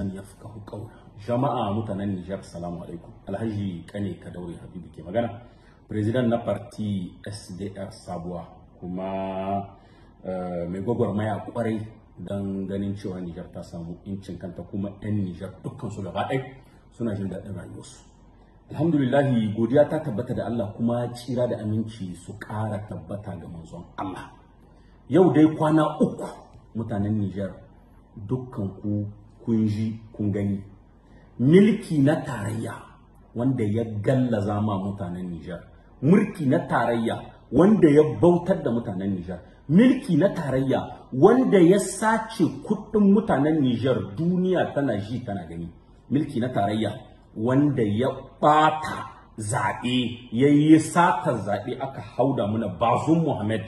an yafqahu qawla jama'a mutanen Nijar assalamu alaikum alhaji kane kadauri habibu ke magana president na parti SDR Sabuwa kuma eh, mai gwagwarmaya kwarai don ganin cewa Nijar ta samu incin kanta kuma 'yan Nijar dukkan su gaba ɗaya suna jin daɗin rayuwarsu alhamdulillahi godiya ta tabbata da Allah kuma tsira da aminci su ƙara tabbata ga manzon Allah yau dai kwana uku mutanen Nijar dukkan ku kun ji kun gani milki na tarayya wanda ya galla zama mutanen Nijar mulki na tarayya wanda ya bautar da mutanen Nijar milki na tarayya wanda ya sace kuɗin mutanen Nijar duniya tana ji tana gani milki na tarayya wanda ya ɓata zaɓe ya yi satar zaɓe aka hauda muna bazun Muhammad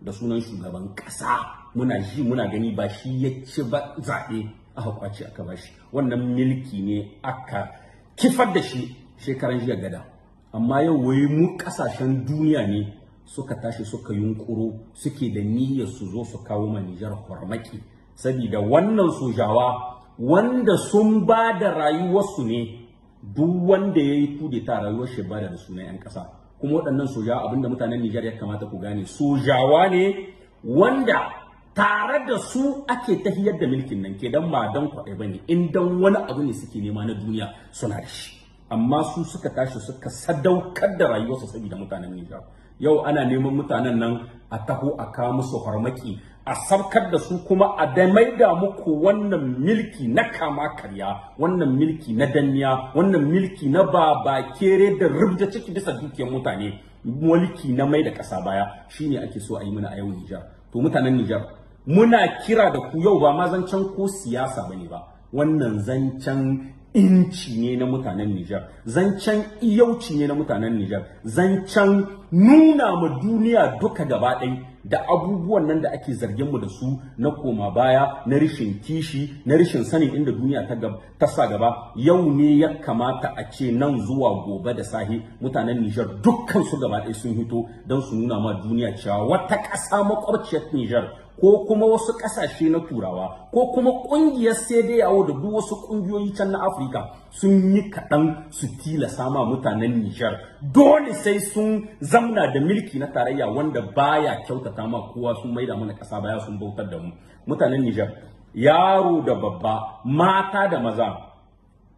da sunan shugaban ƙasa muna ji muna gani ba shi ya ci ba zaɓe aka kwace aka bashi wannan milki ne aka kifar da shi shekaran jiya gada amma yau wai mu kasashen duniya ne suka tashi suka yunkuro suke da niyyar su zo su kawo ma Nijar farmaki saboda wannan sojawa wanda sun ba da rayuwarsu ne duk wanda ya yi ta rayuwar shi ba da su sunan 'yan ƙasa kuma waɗannan sojawa abinda mutanen Nijar ya kamata ku gane sojawa ne wanda tare da su ake tahiyar da mulkin nan ke dan ba dan kwaɗe ba ne in dan wani abu ne suke nema na duniya suna da shi amma su suka tashi suka sadaukar da rayuwarsu saboda mutanen Nijar yau ana neman mutanen nan a taho a kawo musu farmaki a sabkar da su kuma a da da muku wannan milki na kama karya wannan milki na danniya wannan milki na babakere kere da rubda ciki bisa dukiyar mutane mulki na mai da ƙasa baya shine ake so a yi mana a yau Nijar to mutanen Nijar muna kira da ku yau ba ma zancen ko siyasa bane ba wannan zancen inci ne na mutanen Nijar zancen iyauci ne na mutanen Nijar zancen nuna ma duniya duka gaba ɗaya da abubuwan nan da ake zargin mu da su na koma baya na rishin kishi na rishin sanin inda duniya ta ta sa gaba yau ne ya kamata a ce nan zuwa gobe da sahi mutanen Niger dukkan su gaba ɗaya sun hito don su nuna ma duniya cewa wata ƙasa makwabciyar Niger. ko kuma wasu ƙasashe na turawa ko kuma ƙungiyar sai dai yawo da duk wasu ƙungiyoyi can na afirka sun yi kaɗan su tilasa ma mutanen nijar dole sai sun zamna da milki na tarayya wanda baya kyautata ma kowa sun maida mana ƙasa baya sun bautar da mu mutanen nijar yaro da babba mata da maza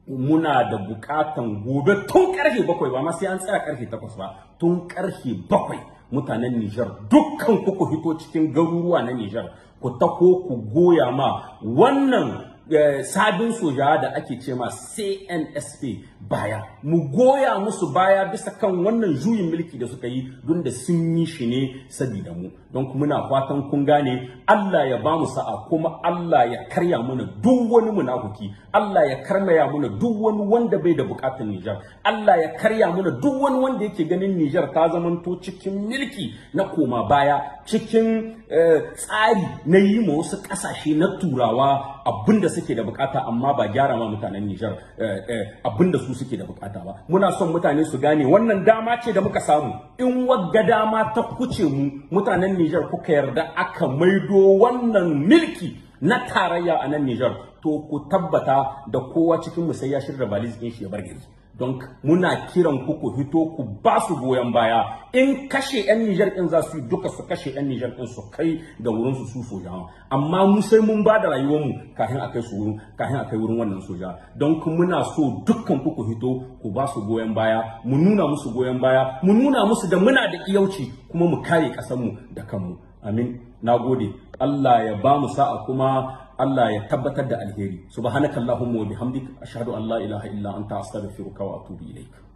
muna da bukatan gobe tun karfe bakwai ba ma sai an tsaya karfe takwas ba tun karfe bakwai mutanen Nijar dukkan ku ku hito cikin garuruwa na Nijar ku tako ku goya ma wannan Eh, sabin sojawa da ake ce ma CNSP baya mu goya musu baya bisa kan wannan juyin mulki da suka yi don da sun yi shi ne saboda mu don muna fatan kun gane Allah ya ba mu sa'a kuma Allah ya karya mana duk wani munafuki Allah ya karmaya mana duk wani wanda bai da bukatar Nijar Allah ya karya mana duk wani wanda yake ganin Nijar ta zamanto cikin mulki na koma baya cikin eh, tsari na yi ma wasu kasashe na turawa abinda suke da bukata amma ba gyara ma mutanen Nijar eh, eh, abinda su suke da bukata ba muna son mutane su gane wannan dama ce da muka samu in wagga dama ta kuce mu mutanen Nijar kuka yarda aka maido wannan milki na tarayya a nan Nijar to ku tabbata da kowa cikin mu sai ya shirya baliz din shi ya bar gari don muna kiran ku ku hito ku ba su goyon baya in kashe yan Nijar din za su yi duka su kashe yan Nijar din su kai da wurin su su soja amma mu sai mun ba da rayuwar mu kafin a kai su wurin a kai wurin wannan soja don ku muna so dukkan ku ku hito ku ba su goyon baya mu nuna musu goyon baya mu nuna musu da muna da iyauci kuma mu kare kasar da kanmu amin na gode. Allah ya ba mu sa'a kuma Allah ya tabbatar da alheri subhanakallahumma wa bihamdik ashhadu an la ilaha illa anta astaghfiruka wa atubu ilaik